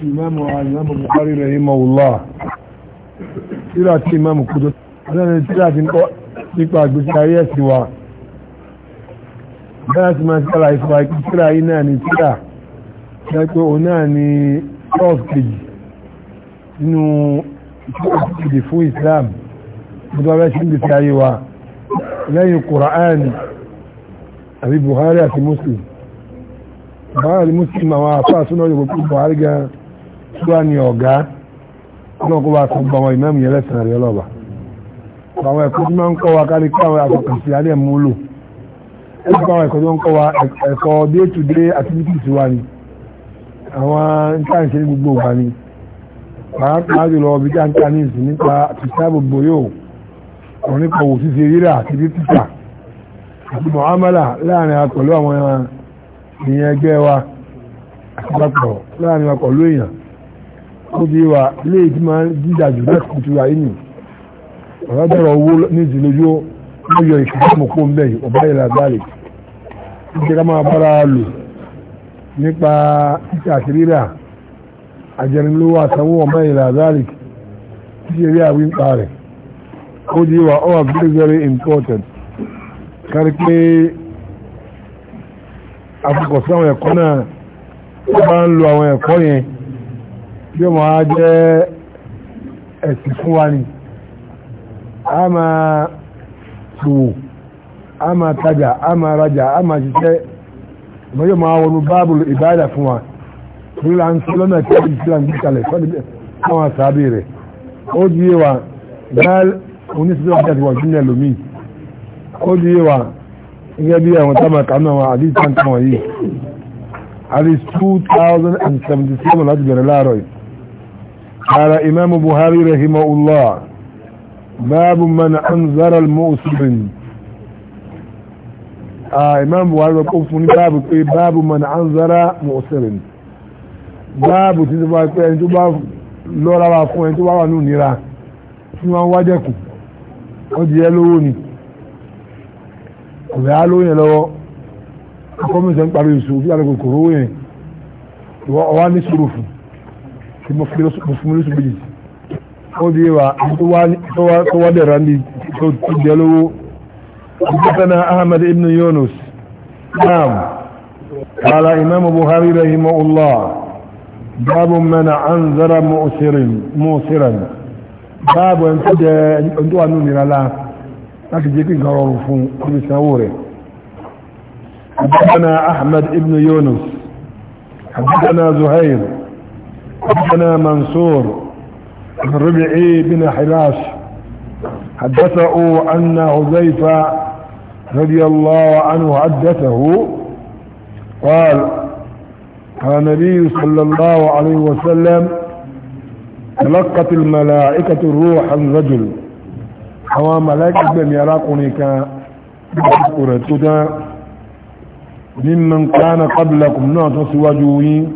tí imáàmù àyàmù Bukhari rahimahullah tíra tí imáàmù kúdó ọlọ́rin tíra ti ń kọ́ nípa àgbésí ayé ẹ̀sìn wa bẹ́ẹ̀ sì máa sára ìfà tíra yìí náà ni tíra pẹ́pẹ́ òun náà ni twelve kejì nínú ìdí fún Islam gbogbo abẹ́ sí ìgbésí ayé wa lẹ́yìn Qur'an àbí Bukhari àti Muslim Bukhari Muslim àwọn afáàsúná yóò gbogbo gan-an tíwá ni ọ̀gá náà kó bá sọ gbọ́ àwọn ìmẹ́mù yẹn lẹ́sìn rẹ̀ lọ́ba àwọn ẹ̀kọ́ tí máa ń kọ́ wa kárí kí àwọn àkọkànsí alẹ́ mú lò ẹ̀kọ́ kọ́ wa ẹ̀kọ́ day to day activities wa ni àwọn ntáǹṣe ní gbogbo wa ni pàápàá jùlọ ọbí tí a ń ká ní ìsìn nípa tìṣà gbogbo yóò ọ̀rọ̀ nípa òwò ṣíṣe rírà àti títà àti mọ̀hámàlà láàrin àpẹ̀lú àwọn èèyàn ẹgbẹ́ wa àti lápọ̀ láàrin àpẹ̀lú èèyàn ó di wa ilé ìdí máa ń jíjà jù bẹ́ẹ̀ kùtù wà yìí nì ọ̀rọ̀ dọ̀rọ̀ owó ní ìdílé yó ó yọ ìṣẹ́jú mọ̀ kó ń bẹ̀ yìí ọ̀bá yìí làgbàlè ó jẹ́ ká máa bára lò nípa títí àti rírà àjẹrinlówó àtàwọn ọ̀bá yìí làgbàlè títí eré àwí ń rẹ̀ ó di wa ó very very important kárí pé àfikọ̀sí àwọn ẹ̀kọ́ náà ó bá ń lo àwọn ẹ̀kọ́ yẹn tí ó máa jẹ́ ẹ̀sìn fún wa ni a máa tòwò a máa tajà a máa rajà a máa ṣiṣẹ́ ìmọ̀ yóò máa wọnú báàbùlù ìbáàdà fún wa torí la ń sọ lọ́nà tí a ti ti la ń gbé kalẹ̀ sọ́dọ̀ àwọn àṣàbí rẹ̀ ó di yé wa gbáàlì oníṣẹ́lẹ̀ ọ̀gá ti wà júlẹ̀ lómi ó di yé wa gẹ́gẹ́ bí àwọn tábà kanú àwọn àdìsí tàǹtà wọ̀nyí àdìsí 2077 láti bẹ̀rẹ̀ láàárọ̀ yìí قال إمام بهاري رحمه الله باب من أنذر المؤسرين آه إمام بهاري رحمه باب باب من أنذر مؤسرين báàbù tí ti bá pé ẹni tó bá lọ́ra wa fún ẹni tó bá wà ní ìnira tí wọ́n wá dẹ́kù ó di ẹ lówó ni ọ̀rẹ́ á lọ́wọ́ akọ́mọ̀sẹ̀ ń parí ìṣòwò tí kòkòrò yẹn ọwá ní sùúrù fún kí mo fún mi lóṣù méjì ó di wa tó wá dẹ̀ra ní tó ti jẹ́ lówó حدثنا أحمد بن يونس نعم قال إمام بخاري رحمه الله باب من أنذر مؤسر مؤسرا باب أن تجد أن تؤمن من الله láti jẹ́ kí n kọrọ rùn fún olùsanwó rẹ̀. Àbúkana Ahmad ibn Yunus, àbúkana Zuhair, حدثنا منصور بن ربعي بن حلاش حدثه أن حذيفة رضي الله عنه حدثه قال قال النبي صلى الله عليه وسلم تلقت الملائكة الروح الرجل رجل هو ملائكة لم يراقني كأسكرة ممن كان قبلكم نعطس وجوهين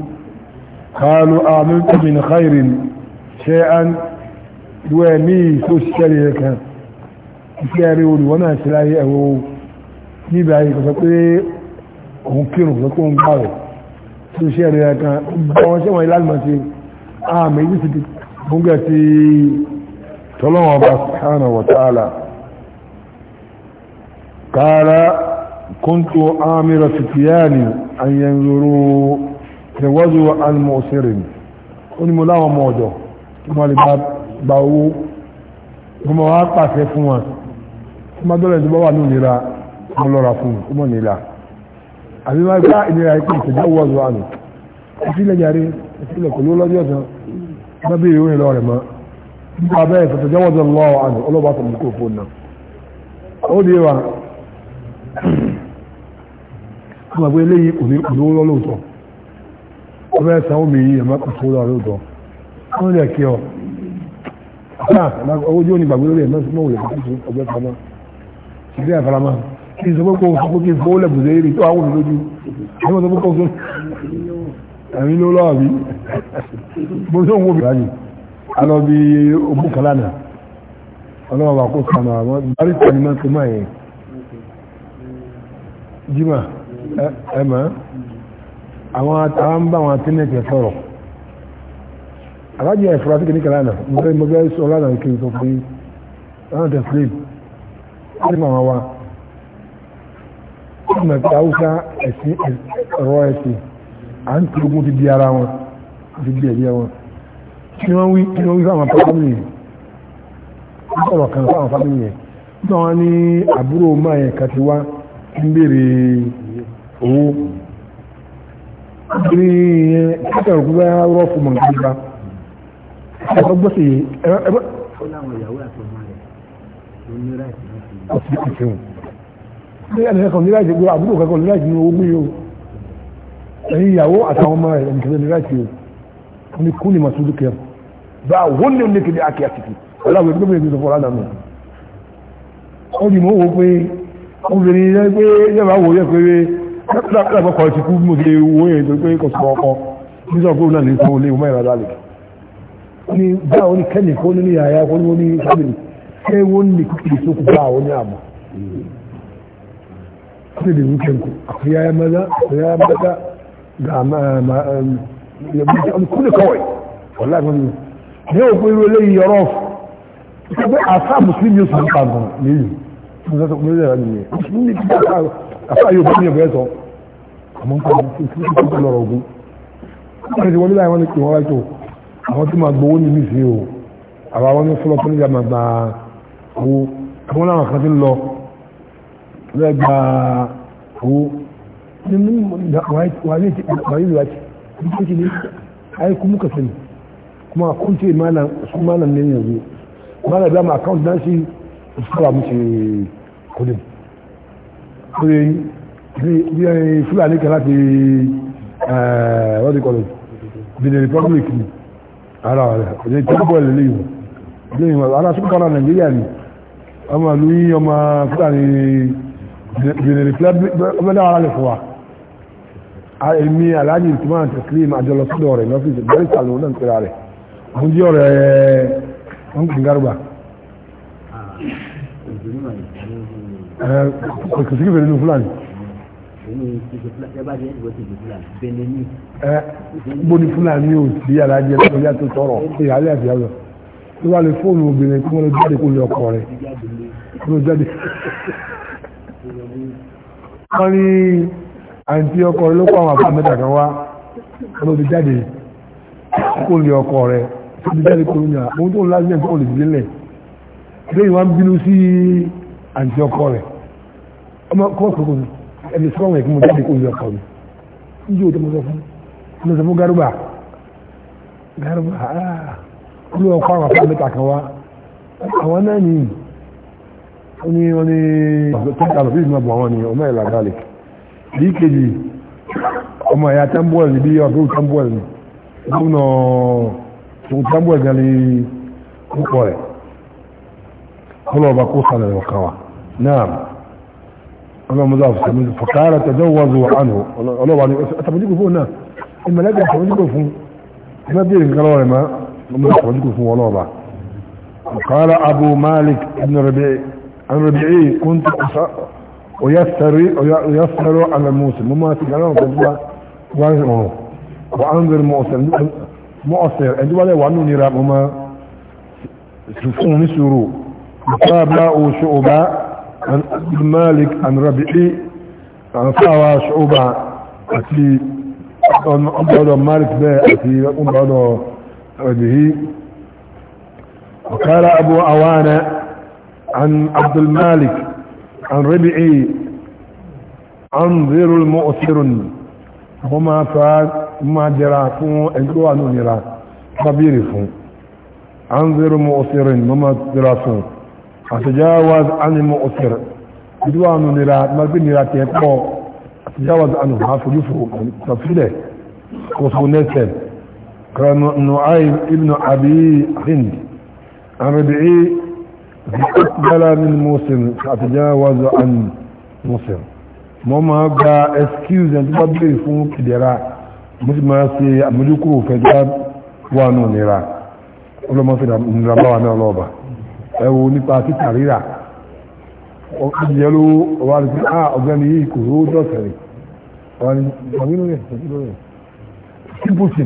قالوا آمنت من خير شيئا دوامي سوشيالي لك ìfẹ́ẹ̀rẹ́ olùwọ́nà ìṣẹ́láyé ẹ̀wọ̀ níbi ayé kọ̀sọ̀ pé òun kírùn kọ̀sọ̀ pé òun bá rẹ̀ tí ó ṣẹ́ẹ̀rẹ́ ẹ̀kan bọ́n ṣe wọ́n ìlànà ṣe ààmì ìdí ti gúngẹ̀ ti tọ́lọ́wọ́n bá sàánà wọ̀tàálà kára kúntù àmì rọ̀ fìtìyàní àyẹ̀nzòrò tẹ̀wọ́jú almọ̀sẹ̀rẹ̀ ni ó ní mo láwọn ọmọ ọ̀dọ̀ tí wọ́n lè gba owó wọ́n ma wá pàṣẹ fún wọn tí wọ́n dọ́lẹ̀ ìjọba wà ní òmìnira wọ́n lọ́ra fún un mọ́ nílà àbí wọ́n gbá ìnira ikú eléyìí kò ní olówó lọ́lọ́sọ̀ọ́ ọmọ ẹ̀sán omi yìí ẹ̀mọ́ kò tó lọ́rọ̀ lọ́dọ̀ wọ́n lè kí ọ owó tí gbàgbé lórí ẹ̀mọ́ sí mọ́wòlẹ̀ kí ọgbẹ́ pamọ́ ṣìgbẹ́ àfaramá kí n sọ pé kó o sọ pé kí n fowó lẹ́bùn sí tó àwọn òbí ẹ̀mọ́ sọ pé kó o sọ ẹ̀mí ló lọ́wọ́ bí mo sọ wọ́n bí ráyè alọ́ bí ogún kalánà ọlọ́wọ́ bá kó sànà àwọn bárí tani máa ń tó máa yẹn jimá ẹ̀ máa àwọn àtàwọn bá wọn tẹ́lẹ̀ tẹ̀ sọ̀rọ̀ alájẹ ìfurasí kìíní kan lánàá mo fẹ́ mo fẹ́ sọ lánàá kí n sọ pé lánàá tẹ̀ sílẹ̀ láti mọ àwọn wa wọ́n mọ̀ pé haúsá ẹ̀sìn ọ̀rọ̀ ẹ̀sìn à ń tẹ ogun ti di ara wọn ti di ẹ̀yẹ wọn kí wọ́n wí kí wọ́n wí fáwọn fámìlì wọ́n sọ̀rọ̀ kan fáwọn fámìlì yẹn ní ẹ̀kọ́ òkúgbà rọ́ fún mọ̀ nígbà ẹ̀kọ́ gbọ́sì ẹ̀kọ́ ẹ̀yìn ìyàwó àtàwọn ọmọ rẹ̀ ẹ̀mìkẹ́lẹ̀ ní láti o ní kú ní masu dúkẹ́ bá wọ́n ní oníkẹ́ ní àkíyà títì aláwọ̀ ẹgbẹ́ mẹ́rin ìsọ̀fọ́ alánàmù ó dì mọ́ wọ́n pé obìnrin yẹ́ pé yẹ́ bá wọ́ yẹ́ pé lápapọ̀ ti kú mo ṣe owó yẹn tó pé kò sọ ọkọ nígbà kúrò náà ní sọ olé ọmọ ìrọ̀lá lè ní bá òní kẹ́nì kó ní yàyà kó ní sábìlì ṣé wọ́n ní kìkì tó kú bá òní àmọ́ ṣe lè wúkẹ́ nkú àkúyáyá mẹ́ta àkúyáyá mẹ́ta ga kúlẹ̀ kọ́wẹ̀ ọ̀lá kan ní ní òkú irú eléyìí ọ̀rọ̀ ṣe pé àṣà mùsùlùmí yóò sọ nípa gan lẹ́yìn mo sọ pé ó lè rà nìyẹn mùsùlùmí ní kí àṣà yóò bá mi ọ̀bẹ sọ àmọ́ ń pàdé sí ìsúkú tó lọ́rọ̀ ogun wọ́n ti wọ́n nílá ìwọ́n ní kí wọ́n wáyé tó àwọn tí máa gbowó ní nísìnyí o àwa wọn ní fọlọ́ tó níjà máa gba owó àwọn làwọn kan ti ń lọ lọ́ọ́ gba owó nínú wàhálì ìwádìí nígbà tí ní ayé kú mú kẹsàn ní kuma kun ce malam su malam ne yanzu malam dama account na shi su kara mushi kudin kuyoyi bí ẹ eh, fúlàní kan láti eh, wọ́n kọ́lọ̀ benin republic ni ara rẹ̀ ọ̀dẹ́ tí ó bọ̀ lè léyìn léyìn wọn ara tó kọ́ra nàìjíríà ni ọmọ ìlú yín ọmọ fúlàní benin republic ọmọdé ara rẹ̀ fún wa èmi aláàjì ìtumọ̀ àti kílíìmù àjọlọ sọ́dọ̀ rẹ̀ ní ọ́fíìsì bẹ́ẹ̀ sàlùmọ́ náà ń pera rẹ̀ mo jẹ́ ọ̀rẹ́ ẹ̀ ń kì í gárùbà kò sí kí fèrè nínú fúlàní mo ní fúlàní ò sí alájẹ lórí àti tọrọ ìhàlẹ́ àti àlọ́ tó wà lè fóònù obìnrin tí wọ́n lè jáde kó lè ọkọ rẹ̀ kó lè jáde. wọ́n ní àǹtí ọkọ rẹ̀ ló kó àwọn àbá mẹ́ta kan wá kó lè jáde kó lè ọkọ rẹ̀ tó lè jáde kó lè yàn ohun tó ń lásìlẹ̀ tó lè dìde lẹ̀ lẹ́yìn wá ń bínú sí àǹtí ọkọ rẹ̀ ọmọ kọ́ọ̀kọ́ kò ní ẹni sọ́wọ́n ẹ̀kí mo jáde olú ọkọ̀ mi níjẹ́ òde mo sọ fún mo sọ fún Garba Garba ah, olú ọkọ̀ àwọn afẹ́ mẹ́ta kan wá àwọn náà ní oní oní tẹ́tà lọ́fíìsì máa bọ̀ àwọn ni ọmọ ìlà garlic bí kejì ọmọ ẹ̀yà tambol ni bí ọ̀gbẹ́ tambol ni gómìnà òun tambol gan ni ó pọ̀ rẹ̀ kọ́lọ̀ ọba kó sálẹ̀ ọ̀kan náà أنا مضاف سميد فقال تجوزوا عنه الله يعني أتمنيكم فوق الناس إما لا تمنيكم فوق ما بيرك قالوا ما تمنيكم فوق والله بعد قال أبو مالك ابن ربيعي عن ربيعي كنت ويسر ويسر على موسى مما تقالوا تجوا وانه وأنظر مؤسر مؤسر أجوا لي وأنه نرى مما سفوني سرو فقال لا أشعبا عن عبد المالك عن ربيعي عن فاوى شعوبة أتي عبد المالك بيه أتي أبعد ربيعي وقال أبو أوانا عن عبد المالك عن ربيعي أنظر المؤثر هما فاد ما جراكم أنتوا أنو جراكم خبيركم أنظر المؤثر هما جراكم àtẹjáwáz ánimọ̀ ọ̀sẹ̀rẹ̀ ìdíwà nù nira magbé nira tẹ́ pọ̀ àtẹjáwáz ánimọ̀ àfojúfò tọ̀fílẹ̀ kòsò nẹ́sẹ̀ kanu nu'aym ibn abi hind arabi'i bala min muslim àtẹjáwáz an muslim mo máa gba excuse ẹni tó bá bèèrè fún kìdẹ̀ra mo sì máa ṣe àmójúkúrò fẹjá wà nù nira ọlọ́mọ fi nira ẹwọ nípa títà ríra ọjọ́lú ọwá rí pé ah ọ̀gbẹ́ni yìí kò rówó dọ̀tẹ̀ rẹ̀ ọwá ní ìgbàgbínú rẹ̀ ìgbàgbínú rẹ̀ sípòsì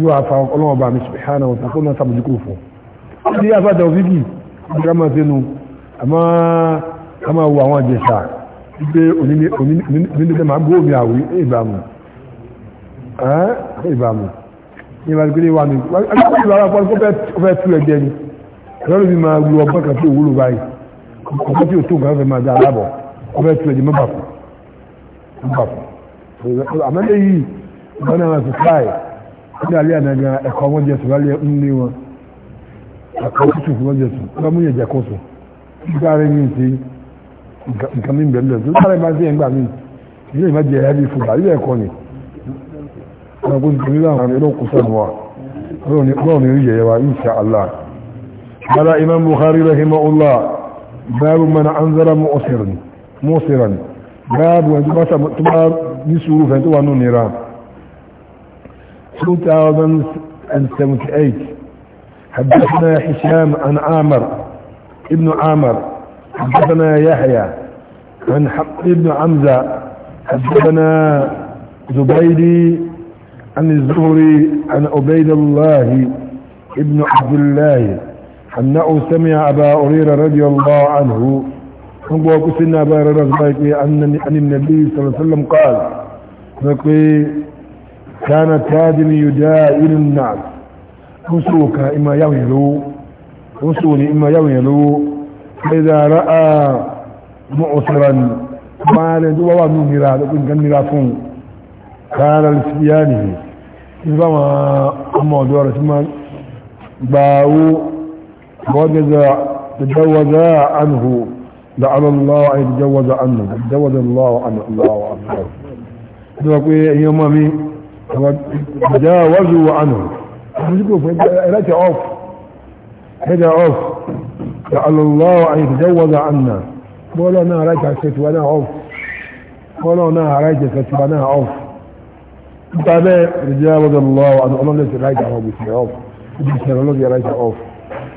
yóò afa ọlọ́wọ́ bá mi subhanahu wa ta'ala náà sàmójúkò fún un ní afá dàwọ́ fíkì ìgbà máa sẹ́nu àmọ́ ká máa wo àwọn àjẹsà wípé onídẹ́gbẹ́ máa gbóòmì àwí ìbámu ìbámu ní ìbámu ní ìbámu ní ìbámu ní ìbámu ní ìbámu ní ìbámu ní ìbámu ní ìbámu ní ìbámu ní ìbámu ní ìbámu ní ìbámu ní ìbámu ní ìbámu ní ìbámu lọ́rọ̀ bí máa lu ọgbọ́n kan tí òwúlò báyìí ọgbọ́n tí ó tó nǹkan fẹ́ máa dá aláàbọ̀ ọbẹ̀ tó ẹ̀jẹ̀ mẹ́bà fún mẹ́bà fún àmọ́lẹ̀ yìí wọn náà ti fáì ní alẹ́ ànága ẹ̀kọ́ wọn jẹ sùn lálẹ́ ńlé wọn ẹ̀kọ́ tútù fún wọn jẹ sùn wọn mú yẹn jẹ kó sùn nígbà rẹ ní ti nǹkan mi bẹ̀rẹ̀ lọ́sùn nígbà rẹ máa ń sẹ́yìn gbà mí ilé ìmọ̀ jẹ ẹ̀rí fún bàbá ẹ̀kọ́ ni ọ̀nà kó ti tẹ̀lé àwọn ẹ̀rọ kó sọ̀rọ̀ wa ọlọ́run ní yẹ̀yẹ wa insha Allah قال إمام بخاري رحمه الله باب من أنذر مؤسرا مؤسرا باب وانتباس مؤتمر بسورو فانتوا عنه نيران 2078 حدثنا حسام عن عامر ابن عامر حدثنا يحيى عن حق ابن عمزة حدثنا زبيدي عن الزهري عن عبيد الله ابن عبد الله أنه سمع أبا هريرة رضي الله عنه أنه كسنا أبا هريرة أن النبي صلى الله عليه وسلم قال كان تادم يدائل الناس وسوك إما يويلو وسوني إما يويلو فإذا رأى مؤسرا مالا وهو من مراد وإن كان مرافون قال لسبيانه إذا ما أمو دورة ما باو وجد تجوز عنه لعل الله أن يتجوز عنه تجوز الله عنه الله أكبر يقول يا مامي تجاوزوا عنه هذا اوف هذا اوف لعل الله أن يتجوز عنا ولا أنا رجع كت وأنا اوف ولا أنا رجع كت وأنا اوف تجاوز الله عنه الله ليس رجع عف بس بس الله رجع اوف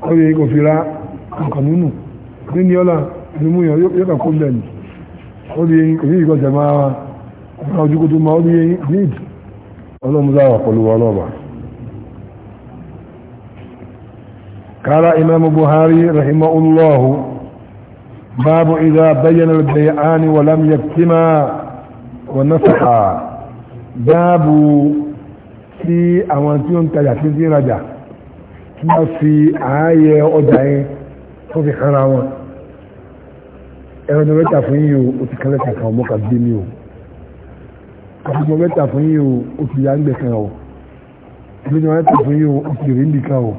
ó yẹ kò fi ra nǹkan nínú nínú ọ̀la yóò kàn kó bẹ̀ ni ó yẹ máa ọ̀la ojú kó tó máa ó yẹ need ọlọ́mọdé àwọn ọlọ́ọ̀bà. قال إمام بخاري رحمه الله باب إذا بين البيعان ولم يكتما ونفحا باب في àwọn tí ó tí wọ́n fi ààyè ọjà yẹn tó fi kára wọn ẹran mẹ́ta fún yìí o ó ti kẹ́lẹ́ kankan ọmọ kan bí mi o ọmọ mẹ́ta fún yìí o ó ti yá ń gbẹ kan o ọmọ mẹ́ta fún yìí ó ti rí nìkan o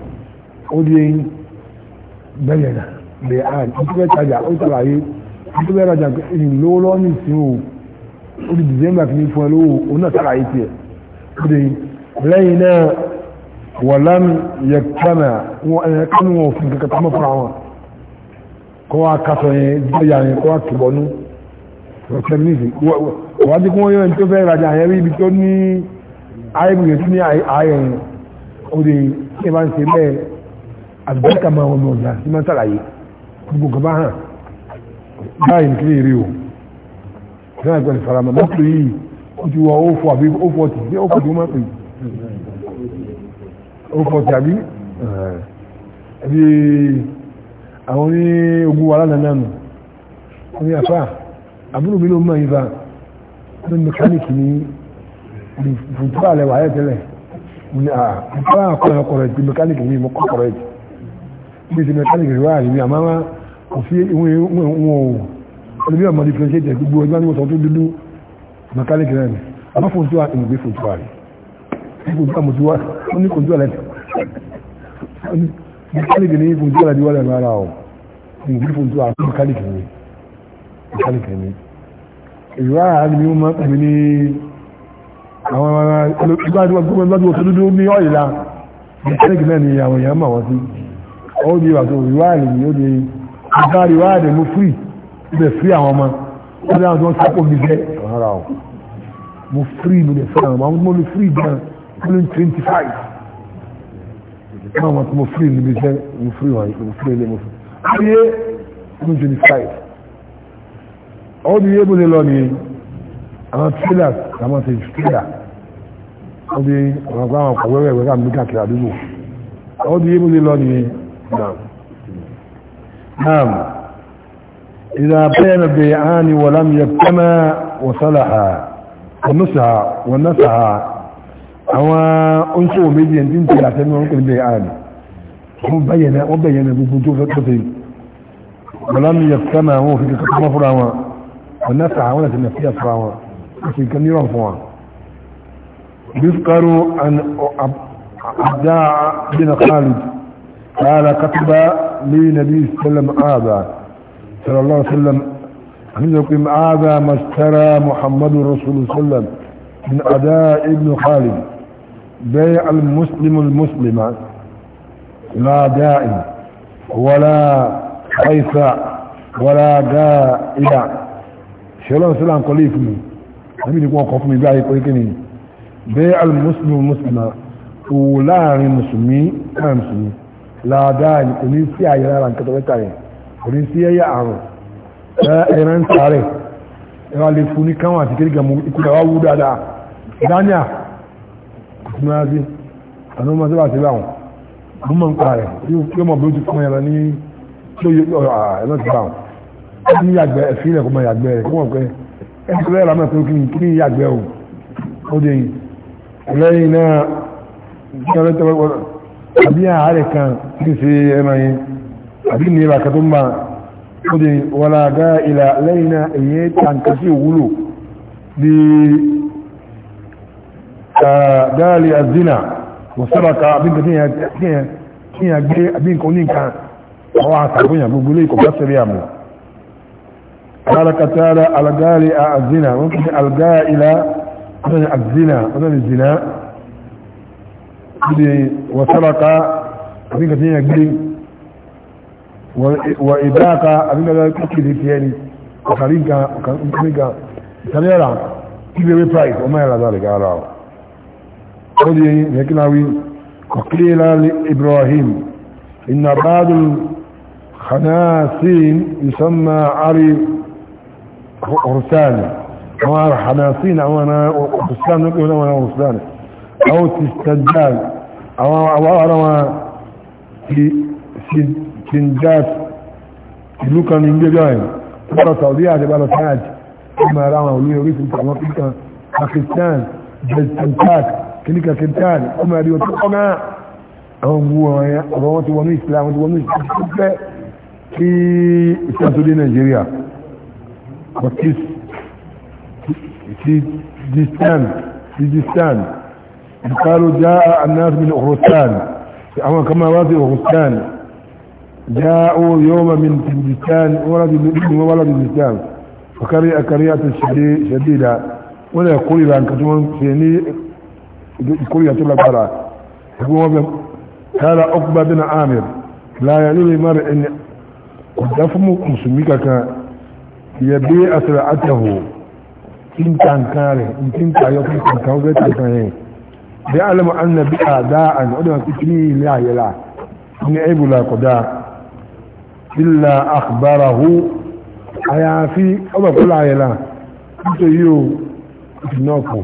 ó di eyín bẹ́ẹ̀ náà bẹ́ẹ̀ àn ó ti fẹ́ tajà ó tàbí ayé ó ti fẹ́ rajà ìlówó lọ́wọ́ ní ìsìn o ó di dìsẹ́mbà kìíní fún ẹ lówó òun náà tàbí ayé tiẹ̀ ó di lẹ́yìn náà. ولم يجتمع وكانوا في كتاب فرعون كوا كسوي يعني كوا كبونو وكنيسي وادي كون يوم تو في راجع يبي بتوني اي بيتني اي اي ودي كمان سي بي البركة ما هو موجة ما تلاقي كبو كباها داين كليريو كان يقول السلام ما تقولي كنت هو اوفو ابيب اوفو تي اوفو تي ما تقولي ó fọ́ tàbí ẹbí àwọn oní ogun wà lánàá nù wọ́n ní àfá àbúrò mi ló mọ̀ ìfà ní mẹkáníkì ní fùtú àlẹ́ wà ayẹ́ tẹ́lẹ̀ mo ní àfá àkọ́rẹ́ ọkọ̀rẹ́ ti mẹkáníkì ní mọ́kọ́ ọkọ̀rẹ́ ti mẹkáníkì rí wáyà ní àmàmà kò ni mo sọ tó dúdú mẹkáníkì náà ni àmọ́ fòtú à ìgbé fòtú à rí fòtú mẹkáníkì ní fún tí wọ́n ti wọ́n lẹ́nu ara ọ̀ nǹkan fún tí wọ́n àti mẹkáníkì ní mẹkáníkì ní ìwà àárín ni wọ́n máa ń pè ní àwọn ìgbàdúrà gbogbo ìgbàdúrà tó dúdú ní ọ̀yìnlá mẹkáníkì náà ni àwọn èèyàn mà wọ́n sí ó di wà tó ìwà àárín ni ó di ìgbà ìwà àárín mú fírì ibẹ̀ fírì àwọn ọmọ ó dá àwọn tó ń sápò mi jẹ́ ara ọ̀ mo náà wọn ti mo free níbi iṣẹ́ mo free wọn mo free ilé mo free ayé ní twenty five ọ̀hún ni yébùlé lọ ni àwọn trailers àwọn ti trailer wọ́n di àwọn ọ̀gá àwọn ọ̀pọ̀ wẹ́wẹ́ wẹ́wẹ́ àmì káàkiri àdúgbò ọ̀hún ni yébùlé lọ ni naam naam ìdá bẹ́ẹ̀ na bẹ́ẹ̀ á ni pẹ́mẹ́ wọ́sálà ha wọ́n nùsà ha àwọn oníṣòwò méjì ẹni tí ń tẹ̀lé àtẹ́nu wọn kìí bẹ̀rẹ̀ ààrẹ wọ́n bẹ̀yẹ̀nà wọ́n bẹ̀yẹ̀nà gbogbo tó fẹ́ tọ́sẹ̀ bọ̀lá mi yẹ fẹ́ máa wọn fi kẹ́kọ́ kọ́mọ́ fúnra wọn ọ̀nà tà àwọn àti nàfíà fúnra wọn ó sì kẹ́ níwọ̀n fún wọn. biskaru abdá bin khalid قال كتب لي نبي سلم هذا صلى الله عليه وسلم عندكم هذا ما اشترى محمد رسول الله من أداء ابن خالد بيع المسلم المسلمة لا داعي ولا حيث ولا داعي ṣẹlọ́n sílá ń kọlé ìfúnmi níbi ní wọ́n kọ fún mi bí ayé pé kí ni bẹ́ alìmùsùlùmí mùsùlùmá tó láàrin mùsùlùmí náà mùsùlùmí láàdáa ní kò ní sí ayé lára nǹkan tọ́wẹ́ta rẹ̀ kò ní sí ẹyẹ àrùn ẹran ń sáré ẹwà lè fún ní káwọn àti kéríkà mú ikú dáwà wú dáadáa dáníà múnásí àwọn ọmọ sábà sí láwọn mú mọ̀ ń pa rẹ̀ yóò mọ̀ bí ó ti fún ẹran ní tó yẹ ẹ̀rọ ah, ti bá wọn ó yàgbẹ́ ẹ̀fín ilẹ̀ kó mọ yàgbẹ́ rẹ̀ kó mọ̀ pé ẹ̀ ti rẹ̀ lámọ̀ kí ni yàgbẹ́ o ó dé lẹ́yìn náà ní ọ̀rẹ́ tẹ́wọ́ àbí àárẹ̀ kan ní ṣe ẹran yẹn àbí ní ìlà kan tó ń bá ó dé wọlá gá ìlà lẹ́yìn náà èyí tàǹkà sí òwúlò bíi دالي الزنا وسرق بنت فيها فيها بنت ونينك هو عصبونا بقوليك بس بيعمل قال قتال الغالي الزنا ممكن الى الزنا مثلا الزنا وسرق بنت فيها بنت وإباقة أبنى لا يكفي ذكياني وخلينك وخلينك سنيرا كيف يبقى وما يلا ذلك على أ قولي يكناوي وقيل لإبراهيم إن بعض الخناسين يسمى عري رسالة وانا الخناسين او انا رسلان نقول انا رسلان او تستجال او او انا في سنجاس لوكا نينجا ترى سعودية السعودية تبقى الحاج كما راما وليه وريس انت عمر باكستان جلتنكاك kìníkà kìntàn ọmọ ẹ̀rí ọtí ọ̀nà àwọn gbogbo ọ̀rọ̀ yẹn ọ̀rọ̀ wọn ti wọnú Islam wọn ti wọnú Islam tó fẹ́ kí Islam tó dé Nàìjíríà but this this time this time ìkàrò já anáàtì ní ọ̀rọ̀sán àwọn kan máa wá sí ọ̀rọ̀sán já ó yóò ti wọ́n ní wọ́n wá láti Islam ọ̀kárí ìkórìyà tó lágbára ẹgbẹ́ wọn bẹ kára ọkùnbá bí na amir láyà nílé mara ẹni kò dá fún mùsùlùmí kankan yẹ bí asìrà àtẹ̀hò tí ń ta nǹkan rẹ̀ tí ń tayọ fún nǹkan ó fẹ́ ta nǹkan yẹn bí alamu anna bí àdá àni ó dàn kíkiri ilé àyẹ̀lá ní ẹ̀bùlà kọ̀dá ilà àkùbárahu àyàfi ọbàkúlà àyẹ̀lá nítorí yóò ìtìnà ọ̀pọ̀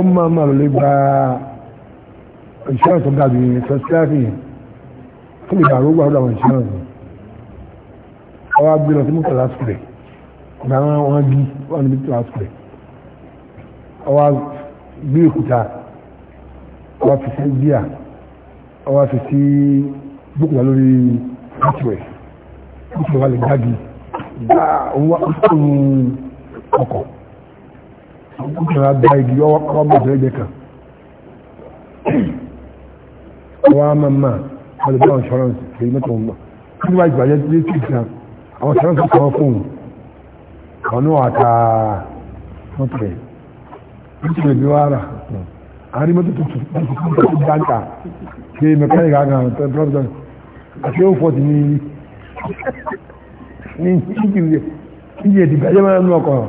wọ́n máa máa lè gba insurance tó ga bí sọ́síláàfì tó lè bàrú gbàrú àwọn insurance ọwọ́ gbé lọ sí mọ́tò lásìkò ìgbà wọn bí wọn níbi tó lásìkò ọwọ́ gbé òkúta ọwọ́ fi sí bíà ọwọ́ fi sí bókùnà lórí mọ́tò ẹ̀ wà lè gbági gbá òun ọkọ̀ ó kẹ́ra da igi ọwọ́ bọ̀sẹ̀ ẹgbẹ́ kan ọwọ́ a máa máa wọ́n lè bá àwọn insurance èyí mẹ́ta wọn lọ kí ni wọ́n ti bàjẹ́ tí tí kan àwọn insurance kan wọ́n fóun àwọn náà àta wọ́n tẹ̀ wọ́n ti lè bí wọ́n ara àárín mọ́tò tó tó dáńtà ṣe mẹkáníkì àgbà tó ń pọ́nbọ́n àti ó máa ń lọ kọ̀ọ̀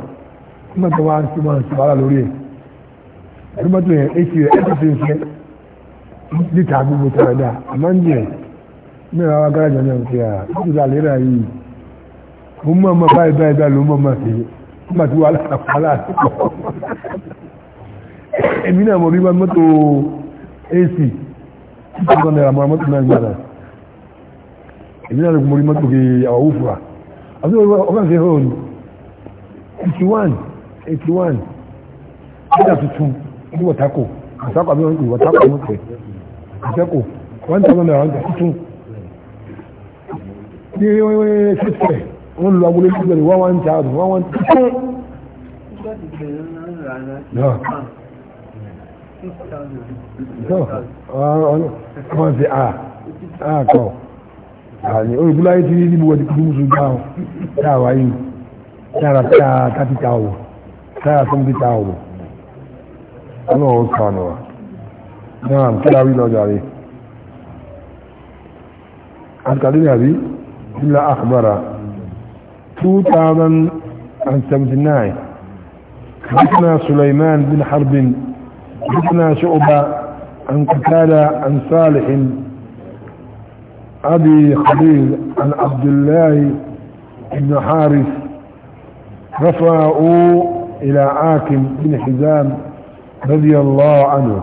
kuma ta wá sí máa sí wàhálà lórí ẹ̀ ẹ̀rọ mọ́tò yẹn èsì rẹ̀ ẹ̀sì fi ń fẹ́ níta gbogbo tara dáa àmọ́ ń jẹ́ mẹ́rin àwọn agárajà náà ń fi à nítorí àlérà yìí mo mọ̀ tu báyìí báyìí báyìí e mọ̀ mọ́ sí nígbà tí wàhálà wàhálà àtúkọ̀ èmi náà mọ̀ bí wọ́n mọ́tò èsì títí kan náírà mọ́ mọ́tò náà gbàdá èmi náà mọ̀ bí mọ́tò kì í àwọn òfurà àti ọgbà fi hàn 51 eighty one nígbà tuntun ní wọ̀tákò wọ̀tákò àbí wọ́n pè wọ̀tákò àbí wọ́n pè wọ̀tákò one thousand naira ọjà tuntun ní ṣíṣẹ́ wọ́n lu agolo ṣíṣẹ́ ní one one thousand one one tuntun. Wọ́n ti a a kọ̀ àní olùkúláyé ti ní níbo wọ́n ti kú musu gbà ọ́ tá a wáyé yàrá tá a tá ti ta ọ̀. táyà tó ń bí táà wò ọlọ́run sànù wa náà kí la wí lọ́jà rí àtàlẹ́yà rí ilá 2079 سليمان بن حرب حدثنا شعبة عن قتالة عن صالح أبي خليل عن عبد الله بن حارث رفعه إلى عاكم بن حزام رضي الله عنه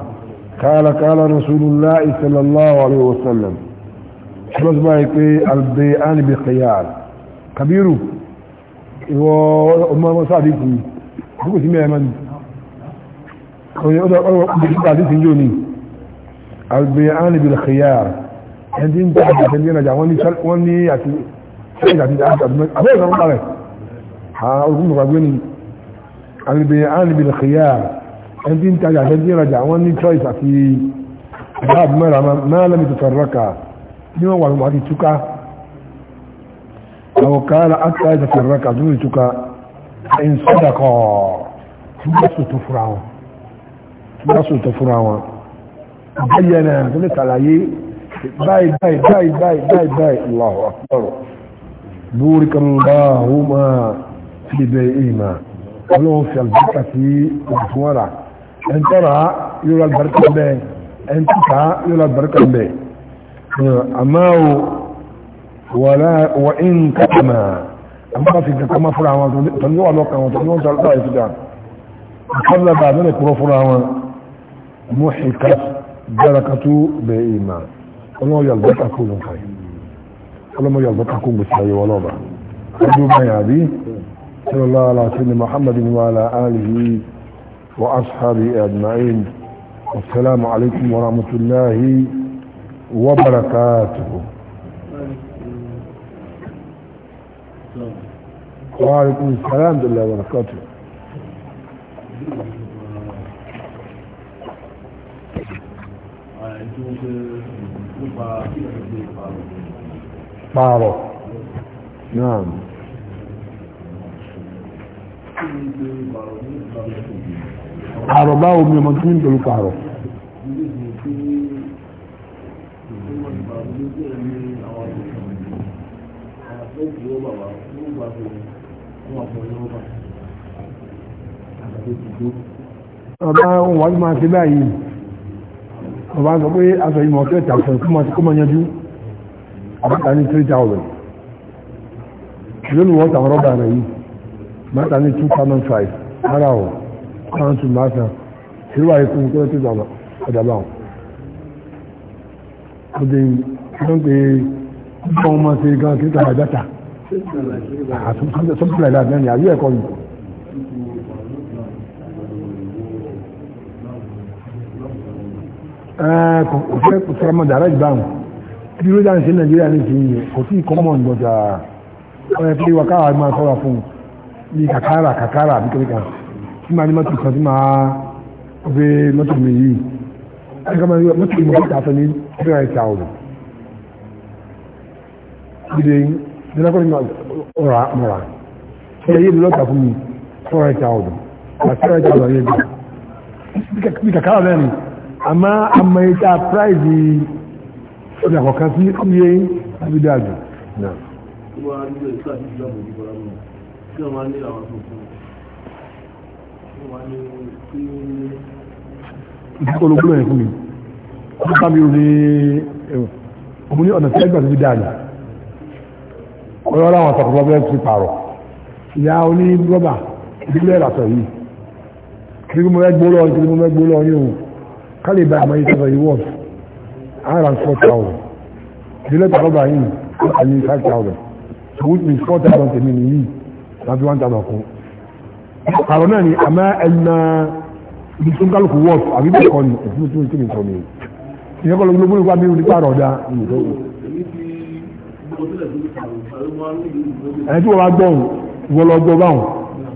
قال قال رسول الله صلى الله عليه وسلم حبس بايك البيعان بخيار كبيرو وما مصادقي بقول سمع من البيعان بالخيار عندما انت عندنا جواني سلوني يعني سيدي عبد الله ابو زرقاء ها اقول لك البيعان بالخيار انت انت عشان دي رجع وان تشويس في باب ما ما لم يتفرقا نيو وان ما دي تكا او قال حتى يتفرقا دون تكا ان صدقا تبسو تفراو تبسو تفراو بينا قلت على ايه باي باي باي باي باي باي الله اكبر بورك الله ما في بيئهما ọlọ́run fi àlùbáríkà sí òfin wọn rà ẹn tọ́ra yóò àlùbáríkà ń bẹ ẹn tìta yóò àlùbáríkà ń bẹ àmọ́ o wà ń kàkàmà àmọ́ bá fi kankan má fúra wọn tó ní wà lọ́kàn wọn tó ní wọ́n sọ àlùbáríkà yìí tó dáa kọ́lá bá mẹ́lẹ̀ kúrò fúnra wọn mú ìka dárakatú bẹ̀ ìmà ọlọ́wọ́ yọ àlùbọ́ta kó ló صلى الله على سيدنا محمد وعلى آله وأصحابه أجمعين السلام عليكم ورحمة الله وبركاته وعليكم السلام الله وبركاته نعم àrọ̀ báwo mi ọmọ tí ń dorí pààrọ̀ ọba ohun wájú máa ṣe báyìí ọba sọ pé aṣọ ìmọ̀ ọ̀kẹ́ ìtàkùn kó mọ̀ yanjú àbáta ní 3000 lónìí wọ́n tàwọn rọ́bà rẹ̀ yìí mata ní 2005 ara ọ̀ kan tún máa san ìrúwà ikú tó ti dàbà ọ̀ ó dé wọ́n pé wọ́n máa ṣe gan kí tàbí dáta àtúntò láìláà mẹ́rin àrí ẹ̀kọ́ yìí ẹ̀ẹ́kọ̀ọ́fẹ́ kò sọ́rọ̀ mọ́ dàrá ìbáhùn bí ló dáa ń ṣe Nàìjíríà ní ti yìí kò tí kọ́mọ̀ ìgbọ̀jà ọ̀rẹ́ pé wà káwàá máa sọ́ra fún un bí kàkàrà kàkàrà àbí kẹ́kẹ́ tí máa ní mọ́tò kan tí máa gbé mọ́tò mi yìí ẹ̀ka máa ní mọ́tò mi mọ́tò àfẹ́ ní three hundred thousand gbèdé ìdílákọ́ ní ọ̀rà mọ̀rà ṣe yé mi lọ́tà fún mi four hundred thousand àti three hundred thousand yẹn gbà bí kàkàrà náà ni àmọ́ àmọ́ ìta price ọ̀dà kọ̀ọ̀kan sí ọ̀yẹ́ àbídájọ́ náà kí wọ́n ní àwọn tó kún olùgbò ẹ̀ fún mi wọ́n bá mi rí ẹ̀wọ̀ òun ní ọ̀nà tí ẹgbẹ̀ tó fi dáa yìí ọ̀rọ̀ láwọn àtàkùnrin ọbẹ̀ ti pààrọ̀ ìyá oní rọ́bà ìdílé ìràtọ̀ yìí kí mo mẹ́ gbólọ́ ní mo mẹ́ gbólọ́ ní òun kálí ìbá àmọ́ ìṣẹ́fẹ́ yìí wọ́n ara four thousand ìdílé ìtàkùnrin ọbẹ̀ yìí wọ́n kà ní five thousand so which means four thousand tèmi nìyí láti wọ́n jàdọ̀ kún àrọ̀ náà ni àmá ẹ̀nà ibi tó ń kálukú wọ́ọ̀f àbí bẹ́ẹ̀ kọ́ ni òfin tó ń kí ni ni ìyẹn kọ́ ló gbogbo nípa bí nípa ọ̀dà ni ìtọ́ ẹni tí wọ́n bá gbọ́n wọ́n lọ gbọ́ báwọn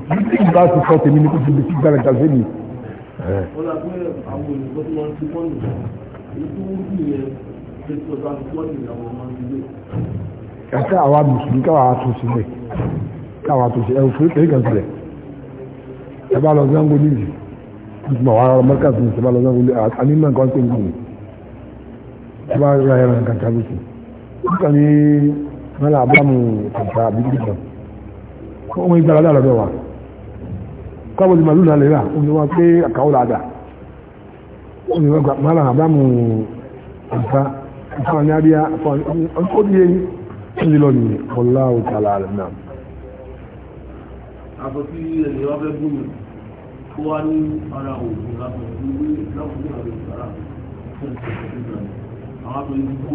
bí kí n bá ti sọ tèmi ní kó ti di sí gbára sí mi. ẹ̀ka àwa mùsùlùmí káwa tó sílẹ̀ káwà tó ṣe ẹ̀rù fún ìkẹ́kẹ́ sílẹ̀ ẹ bá lọ zango níbi ìtumọ̀ wàhálà ọmọ mẹ́ríkà sí ìṣẹ́bá lọ zango níbi àníma nǹkan tó ń gbìn ẹ bá ra ẹran nǹkan tó ń sùn nígbà ní mẹ́lá abúlámù kàtà àbí kìtà wọ́n mú ìgbàlá dára lọ́wọ́ kọ́bọ̀ ti màlúù lálẹ́ rà ó ní wọ́n pé àkàwọ́ làdà ó ní wọ́n gbà mẹ́lá abúlámù kàtà ìfọ̀nyáríà ọ̀nà ó di yẹn ó ti lọ nìyẹn ọ̀lá òkàlà àlẹ́ náà aṣọ tí ẹ̀yìn wá fẹ́ gùn mí kó wá ní ara òògùn lápò ní wí lápò ní àwọn ìgbàlá fún ìṣẹ̀lẹ̀ tó gbà ní àwọn aṣọ ibi kó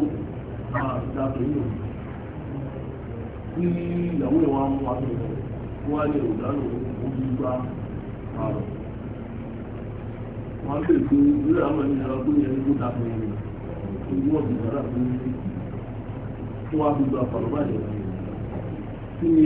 máa dá aṣọ yìí òun tí ìyàwó ìwà mú aṣọ ìwọ̀n kó wá ní ìdánù ojú gbá àrò wọn lè fi ilé àwọn ènìyàn lọ gbóyè ní kó dàpọ̀ ìwọ̀n ojú wọn ti gbàdá fún kó wá gbogbo àpàlọ́ báyìí kí ni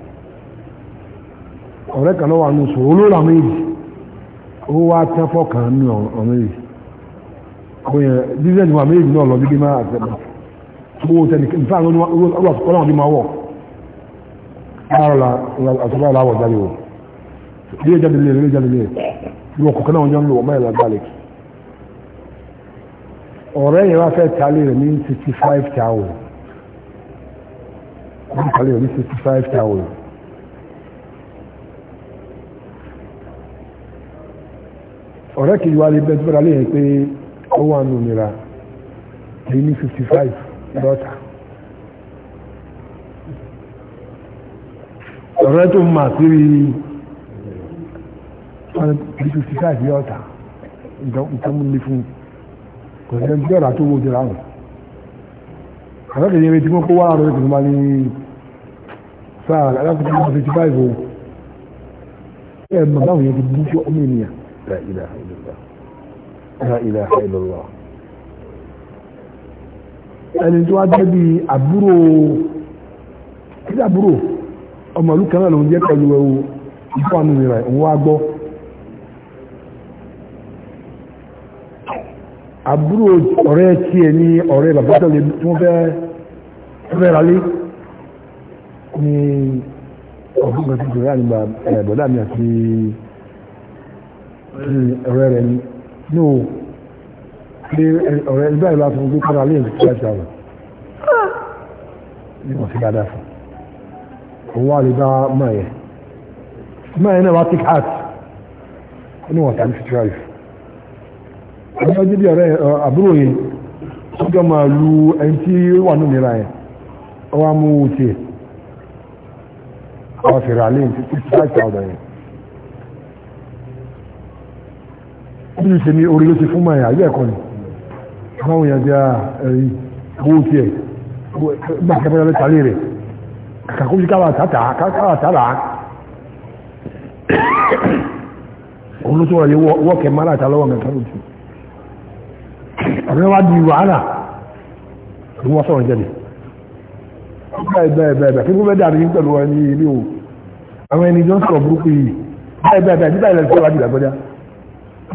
ọ̀rẹ́ kan lọ́wọ́ àánú sòrò olóòrò àwọn èyí ó wá tẹ́ fọ́kàn ní ọ̀rọ̀ èyí àwọn èèyàn dídẹ́ ni wà méjì náà lọ dídé máa àtẹ̀bà owó tẹ́ni nípa àwọn ọlọ́wọ́ ní máa wọ̀ láàrọ̀ la àtọ́bá aláwọ̀ jáde wò ilé jáde lé ilé jáde lé ìwọ kọ̀ọ̀kan náà wọ́n jọ ń lò wọ́n mẹ́rin lágbàlẹ̀ ọ̀rẹ́ yẹn wá fẹ́ tálé rẹ̀ ní sixty five thousand wọ́n tálé rẹ̀ ní sixty five thousand ọ̀rẹ́ kejì wá lè bẹ́ẹ̀ bẹ́ẹ̀ lè pé ó wà nù nira èyí ní 55 dọ́ta ọ̀rẹ́ tó mà sí rí 55 dọ́ta nǹkan mú ní fún kò sí ẹni tí ọ̀rà tó wó jẹ́ láwọn ọ̀rẹ́ kejì rẹ̀ tí wọ́n kó wá ọ̀rẹ́ kejì máa ní sáà alákùnrin 55 o ẹ̀ mọ̀ báwọn yẹn ti bú sí ọmọ ènìyàn لا إله إلا الله لا إله إلا الله ẹni tó wá jẹ́ bí àbúrò kíkà àbúrò ọmọ ìlú kan náà lòun jẹ́ pẹ̀lú ẹwu ìfọ́ àánú rẹ̀ òun wá gbọ́ àbúrò ọ̀rẹ́ tí ẹ ní ọ̀rẹ́ bàbá tó lè tí fẹ́ ralé ní ọ̀gbọ́n kan tó jẹ́ àgbà ẹ̀bọ̀dá mi àti ọ̀rẹ́ rẹ̀ ni no pé ọ̀rẹ́ ẹgbẹ́ ìlú àti ojú padà lè rí kíláàsì àwọn ní wọ́n ti dáadáa fún òun wà lè bá máa yẹ máa yẹ náà wá take heart ó ní wọ́n tàbí fifty five ọjọ́ jíbi ọ̀rẹ́ àbúrò yẹn ọjọ́ máa lu ẹni tí wà nínú ìlera yẹn ọwọ́ amú tiẹ̀ ọ̀sẹ̀ rà lẹ́yìn fifty five thousand yẹn. bí ṣe ní orí ló ti fún mayà ayé ẹ̀kọ́ ni báwọn yà já ẹ̀rí owó tí ẹ̀ bá kẹfẹ́ lọ tàlé rẹ̀ kàkó sí káwà tàtà káwà tàlà òun ló tó wà yẹ wọ́ọ̀kẹ́ mara àtàlọ́wọ́ mẹ́ta ló ti àbẹ́ wá di wàhálà ló wọ́n sọ̀rọ̀ jẹ́lẹ̀ báyìí báyìí báyìí kí ló fẹ́ dàbí pẹ̀lú ẹni ilé o àwọn ẹni jọ sọ̀rọ̀ burúkú yìí báyìí báyìí báyìí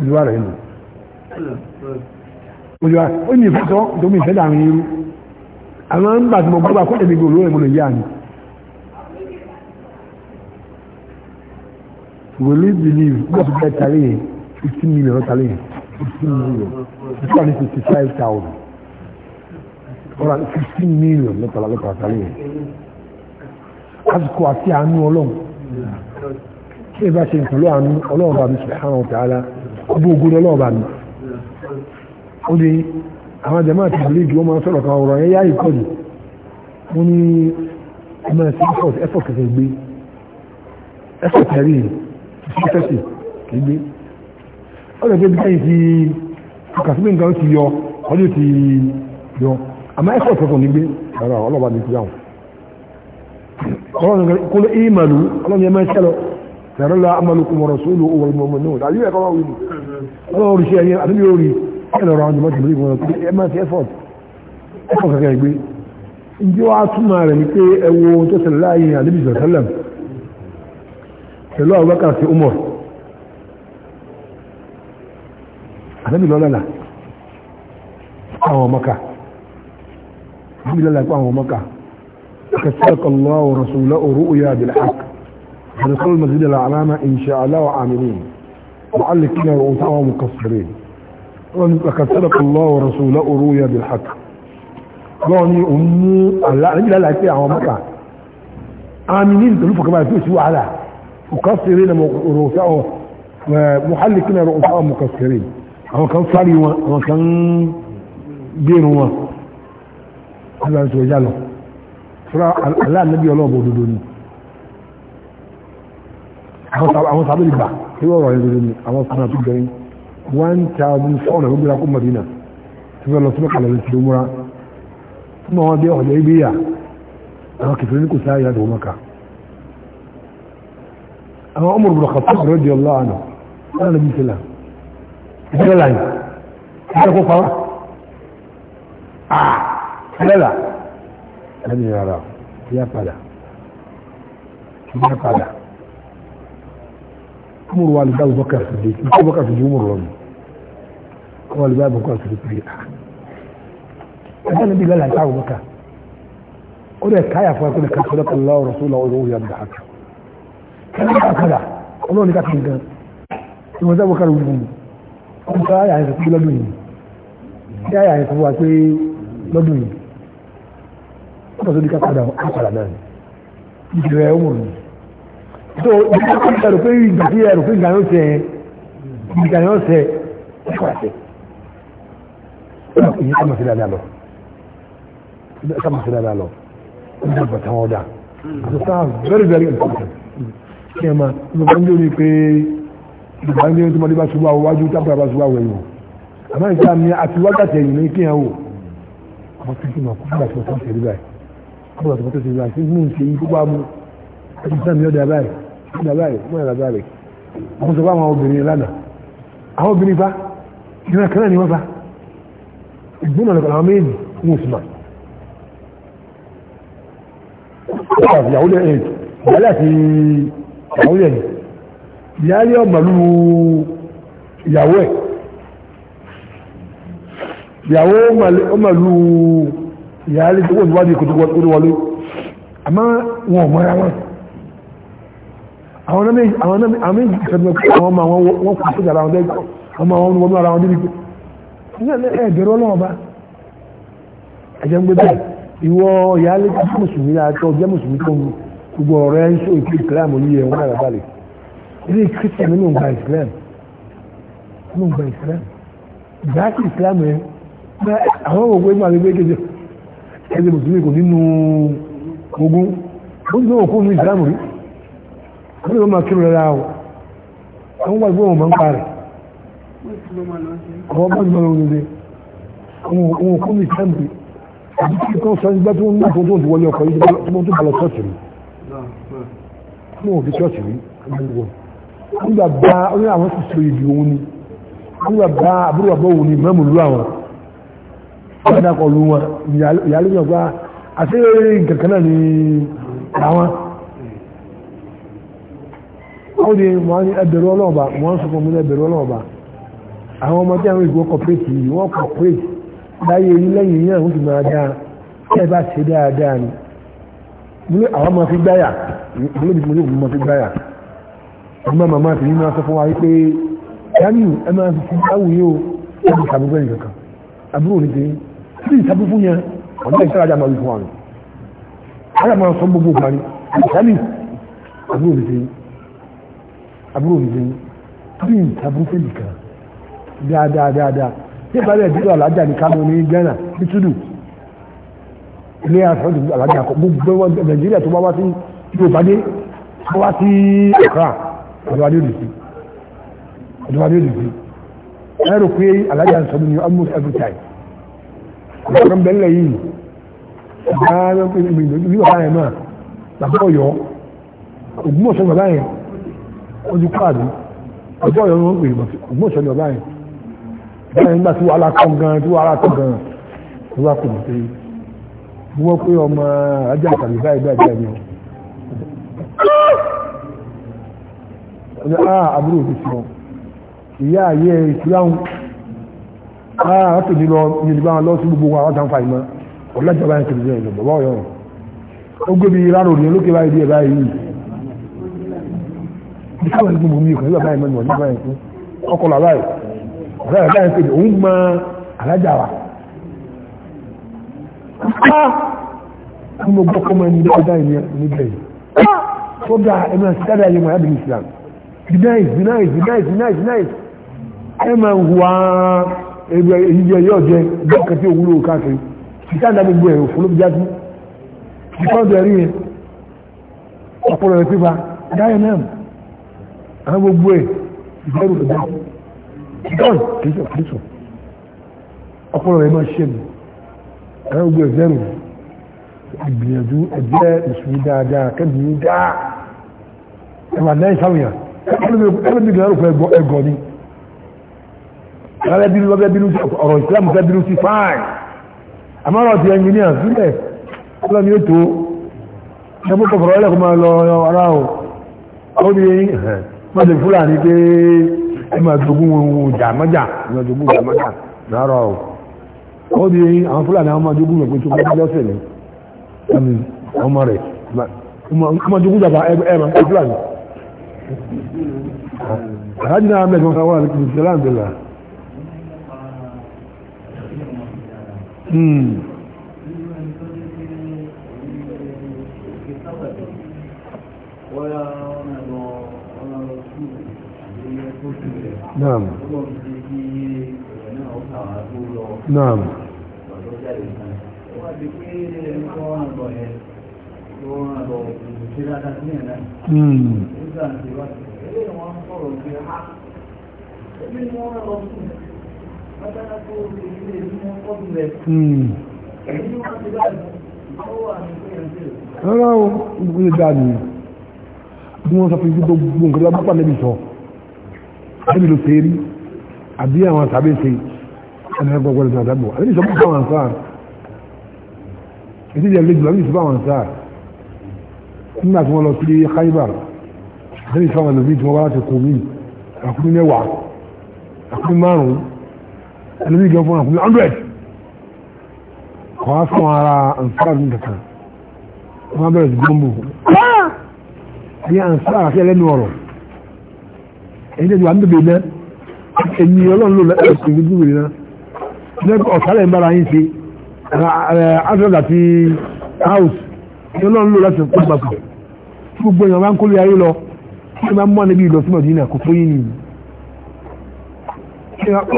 ojúwà rẹ̀ nù ojúwà ó ní ìfẹ́sọ́ tó mi ìfẹ́dà àrin irú àwọn ń bà tí mo gbọ́gbà kọ́lẹ̀ mi gbòòrò ẹ̀mọ́ lè yá ni will you believe what bẹ́ẹ̀ tàlẹ́ yẹn fifteen million tàlẹ́ yẹn fifteen million two hundred fifty five thousand ọ̀rọ̀ fifteen million lọ́tàlá lọ́tàlá tàlẹ́ yẹn àsìkò àti àánú ọlọ́run kí ẹ bá ṣe nǹkan àánú ọlọ́run bá mi subhanahu wa ta'ala ọdún ogun lọ́ọ̀bà mi ó ní àwọn jẹ́mọ́ àti ìbílẹ̀ ìjọ máa sọ̀rọ̀ kan ọ̀rọ̀ yẹn yá ìkọ́ ni mo ní ọmọ ẹ̀sìn effort effort kẹsẹ̀ gbé effort ẹ̀rí ìfẹ́sẹ̀ kì í gbé ó lè débi káyìn ti kàkàsíbí nǹkan ti yọ ọdún ti yọ àmọ́ effort kẹsẹ̀ ní gbé rárá ọlọ́ba mi ti yà wọn. ọlọ́run kúló ìmàlú ọlọ́run yẹn máa ń ṣẹlọ tẹ̀rẹ́ la amalukum rasulu wal mu'minun àyè ẹ̀kọ́ wá wíni ọlọ́run ṣe ẹyẹ àti yóò rí ẹ̀lọ́rọ̀ àwọn jùmọ̀ tìbílì wọn ẹ máa ti effort effort kẹkẹ gbé ǹjẹ́ wàá túmọ̀ rẹ̀ ni pé tó ṣẹlẹ̀ láàyè àdébí sọ̀tẹ́lẹ̀ pẹ̀lú àwọn bákà umar àdébí lọ́lọ́lá àwọn ọmọkà àdébí lọ́lá àwọn ọmọkà kẹsàn-án kọlọ́wọ́ rasulahu ru'ya بنقول المسجد العلامة إن شاء الله وعاملين معلق كنا وعطاهم مكسرين لقد صدق الله ورسوله رؤيا بالحق قالوا أمي الله لا لا يتبع ومكا آمنين تلوفا كما يتوش وعلا مكسرين رؤساهم محلق كنا وعطاهم مكسرين وكان كان صالي وكان بينه هذا سوى جاله فرا الله النبي الله بودوني àwọn sábẹ́ ìgbà tí wọ́n rọ̀ yẹn lórí àwọn sábẹ́ àti gbẹ̀rin one thousand four hundred gbéra kó Madina tí wọ́n lọ sí mẹ́kànlá lórí ìṣòro múra tí wọ́n dé ọ̀dọ̀ ibi yà àwọn kìfìrí ní kò sáyà yà dùn mọ́ka àwọn ọmọ òbúrò kan tó rẹ̀ di ọlọ́ àná wọ́n lọ láyé ìṣẹ́lẹ̀ kó pamọ́ ah ìṣẹ́lẹ̀ là ìyá padà ìyá padà umar walida abubakar siddiq ko abubakar siddiq umar lọ́nà walida abubakar siddiq rí a ah. ẹgbẹ́ níbi lẹ́la ìta abubakar ó dẹ̀ káyà fún akọ́lẹ̀ kan sọ́dọ̀ kan lọ́wọ́ rọ̀sọ́ lọ́wọ́ ìrọ̀wọ́ ìyá bìdà hàkà kẹ́lẹ́ bá kàdà ọlọ́run ká fi gan ìwọ̀n sábà kàrò wù mí wọ́n ká yà ẹ̀sẹ̀ pé lọ́dún yìí yà yà ẹ̀sẹ̀ wà pé lọ́dún yìí wọ́n tọ́jú ká padà á padà náà ìjìnlẹ̀ ọmọ so ẹ̀rọ pé ìgbà sí ẹ̀rọ pé ìgbà yóò ṣe ìgbà yóò ṣe ẹ̀kọ́ àṣẹ ìyí kàmà sí dáadáa lọ kàmà sí dáadáa lọ ìgbà bàtà wọn dà àti sáà very very important kí ẹ ma ìgbà ń lórí pé ìgbà ń lórí tó máa dé bá ṣubú àwọn wájú tábìlì bá ṣubú àwọn ẹ̀yìn àmọ́ ìgbà mi àti wákàtí ẹ̀yìn ní kí ẹ wò àwọn tó ti mọ̀ kó bá ṣe ọ̀tọ̀ ṣe rí báyìí kó bá ṣe ọ̀tọ̀ ṣe rí báyìí sí mú un ṣe yí kó báyìí ìgbà báyìí wọ́n yàrá báyìí wọ́n sọ pé àwọn obìnrin lánàá àwọn obìnrin bá ìran kan náà ni wọ́n bá ìgbóná lọ́kọ̀ àwọn méjì ń wò sùmà. ìyàwó lè èyí ìyálé àti ìyàwó lè ní ìyálé ọ̀mọ̀lú ìyàwó ẹ̀ ìyàwó ọ̀mọ̀lú ìyálé tó wọ́n ti wá di kòtò wọlé àmọ́ wọn ò mọ́ra wọn àwọn náà àmì ìṣẹ̀dùn àwọn ọmọ àwọn wọ́n kò sí ara wọn lẹ́gbẹ̀ẹ́ ọmọ àwọn ọmọ ara wọn débi pé ẹ̀bẹ̀rẹ̀ ọlọ́wọ́ bá ẹ̀jẹ̀ ń gbé bẹ́ẹ̀ ìwọ ìyáálé tí mùsùlùmí àtọ jẹ́ mùsùlùmí tó ń gbogbo ọ̀rọ̀ ẹ̀ ń sọ ìpè islam yìí ẹ̀wọ̀n náà balẹ̀ ilé christian nínú gba islam nínú gba islam gbàtí islam ẹ̀ àwọn òwò ìgbà mi gbégbé ẹ̀jẹ̀ mùsùlùmí kò nínú ogun ó ti sọ òkú nínú islam rí àwọn ọmọ kí lọ́la o àwọn wà gbọ́n wọn parẹ̀ àwọn bá gbọ́n wọn lè wọn kún mi sẹ́mbì àti kí kan sọ nígbà tí wọ́n náà tó tó wọlé ọkọ̀ yìí tó tó balọ̀ ṣọ́ọ̀tì rí fún òfin ṣọ́ọ̀tì rí gbogbo àwọn ó di wọ́n ní ẹbẹ̀rẹ̀ ọlọ́ọ̀bà wọ́n sọ fún mi ẹbẹ̀rẹ̀ ọlọ́ọ̀bà àwọn ọmọ tí àwọn ìgbó kọ̀pẹ́tì yìí wọ́n kọ̀pẹ́tì láyé yìí lẹ́yìn yìí àwọn ti máa dáa tí ẹ bá ṣe dáadáa ni mo ní àwọn ọmọ fi gbáyà mo ní mo ní mo fi gbáyà ọmọ màmá ti ní máa sọ fún wa wípé daniel ẹ máa fi fi dáwù yìí o ẹ bí àbúrò ní tèyí sí ni ara àbúrò mi lẹ́yìn green àbúrò fẹ́ẹ̀lì kan dáadáa dáadáa ṣé ìbálẹ̀ ìdílé alájà ní kánò ní Ghana ní túdù ilé àṣọ́jú alájà kọ gbogbo Nàìjíríà tó bá wá sí Yorùbá dé tó wá sí Accra ọdúnwádé òdìsí ọdúnwádé òdìsí ẹrù pé alájà ń sọdún ní almost every time ọ̀pọ̀lọpọ̀ bẹ́ẹ̀lẹ̀ yìí ìgbà ìgbìyànjú bàbá yẹn náà bàbá Ọ̀yọ́ Ògbómọ̀ṣọ́ bàbá yẹn ojú káàdì ọjọ́ ìrọ̀rùn òpè ògbọ́n ìṣẹ̀lẹ̀ ọ̀gá yẹn báyìí nígbà tí wàhálà kan gan tí wàhálà kan gan ló wá kò dé bí wọ́n pé ọmọ ajá àtàlẹ́ báyìí báyìí báyìí ni ó ní àá ah, àbúrò ti sọ ìyá báyìí bí báyìí bí káwọn ẹni tó nígbà báyìí mọ̀ nígbà báyìí fún ọkọ̀ làbá ọ̀rẹ́ rẹ̀ báyìí òun mọ alájà wa. mo kọ́mọ ẹni lọ́kọ́ báyìí níbẹ̀ yìí tó dáa ẹ máa ṣiṣẹ́ mọ̀ yàbí Islam be nice be nice nice nice nice ẹ àwọn gbogbo ẹ̀ ìgbẹ́rù ìgbà ìdán kìíṣọ̀ kìíṣọ̀ ọpọlọ rẹ̀ máa ṣe mi àwọn gbogbo ìgbẹ́rù ìgbìyànjú ẹ̀jẹ̀ ìṣúrí dáadáa kẹ́bìí dáa ẹ̀wà náà ìsáwìyàn ẹ̀rọ̀bí ìgbẹ́rù fún ẹgọ ni ọ̀rẹ́ bínú lọ́bẹ́ bínú sí ọ̀rọ̀ ìsìlámù fẹ́ bínú sí fáìn àmọ́ ọ̀rọ̀ ti ẹnjìníà sílẹ̀ ọlọ́ni ètò ẹgbẹ́ kọkọrọ ẹlẹ́kùn máa lọ ara ò ó ní ẹ̀hẹ́ wọ́n ti fúlàní pé ẹ máa jogún ohun jàmọ́jà ìwọ̀n jogún jàmọ́jà rárá o ó di àwọn fúlàní àwọn máa jogún ìwọ̀n tó bá lọ́sẹ̀ ní ẹni ọmọ rẹ̀ ọmọ jogún jàmọ́ ẹ̀rọ fúlàní àrájì náà mẹ́jọ kan wà ní kìrìsìláńdìlá Naam. Naam. Hmm. Hmm. Rárá o, ìgbésẹ̀ dáa nìyẹn. Bí wọ́n sọ fún gbogbo nǹkan lábúpà lẹ́bi sọ níbi ló tẹ́rí àbí àwọn àtàbí ṣe ẹnìyàn gbogbo ẹ̀sìn àtàbò àbí ìṣọ́pọ̀ fún àwọn sáà ètí ìjẹ́ lẹ́jọ́ àbí ìṣọ́pọ̀ àwọn sáà nígbà tí wọ́n lọ sí Khaibar àbí ìṣọ́pọ̀ lòbí tí wọ́n wá láti kò mí àkúrú mẹ́wàá àkúrú márùn-ún ẹlòmí gan fún àkúrú hundred kọ́ á fún ara àǹsáà ní kankan wọ́n bẹ̀rẹ̀ sí gbọ́mbù ní àǹsáà àti ẹlẹ́nu ọ̀rọ̀ ẹ̀yin tẹ́jú wa ń bèbè náà ẹ̀mí ọlọ́run ló lẹ́sìn ní gbúgbìrì náà lẹ́kọ̀ọ́ ọ̀sálẹ̀ ń bára yín ṣe alfred àti house ẹ̀yin ọlọ́run ló lẹ́sìn fún gbàgbọ́ tí gbogbo èèyàn bá ń kólé ayé lọ kí máa ń mọ́ níbi ìlọ símọ̀ dínà kò tó yín nìyí.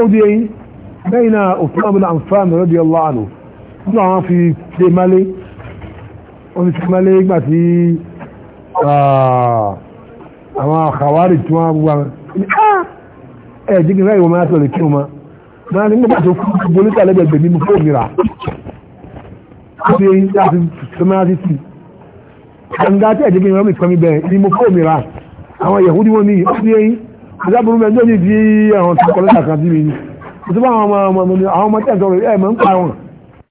ó di eyín bẹ́ẹ̀ náà òfin ọ̀bùnà àǹfààní rẹ̀ ọlọ́ àlò nínú àwọn fi ṣe málé wọ́n fi ṣe málé nígbà tí ah, àwọn àkàwárì tí wọ́n gbogbo àwọn ẹ̀ jígin rẹ̀ ìwọ̀n máa sọ lè kí wọn máa ní nígbà tó fún gbogbo níta lẹ́gbẹ̀gbẹ̀ nínú fóònù mi rà ó fi eyín láti sọmọ́láti sí kàńdá tí ẹ̀jígin rẹ̀ mi kọ́ mi bẹ̀rẹ̀ ní mo fóònù mi rà àwọn yahudi wọn ní ó fi eyín adáburú mẹ́jọ́ ní di àwọn tó kọ́ lẹ́tà kan sí mi ni mo ti bá àwọn ọmọ ọmọ mi àwọn ọmọ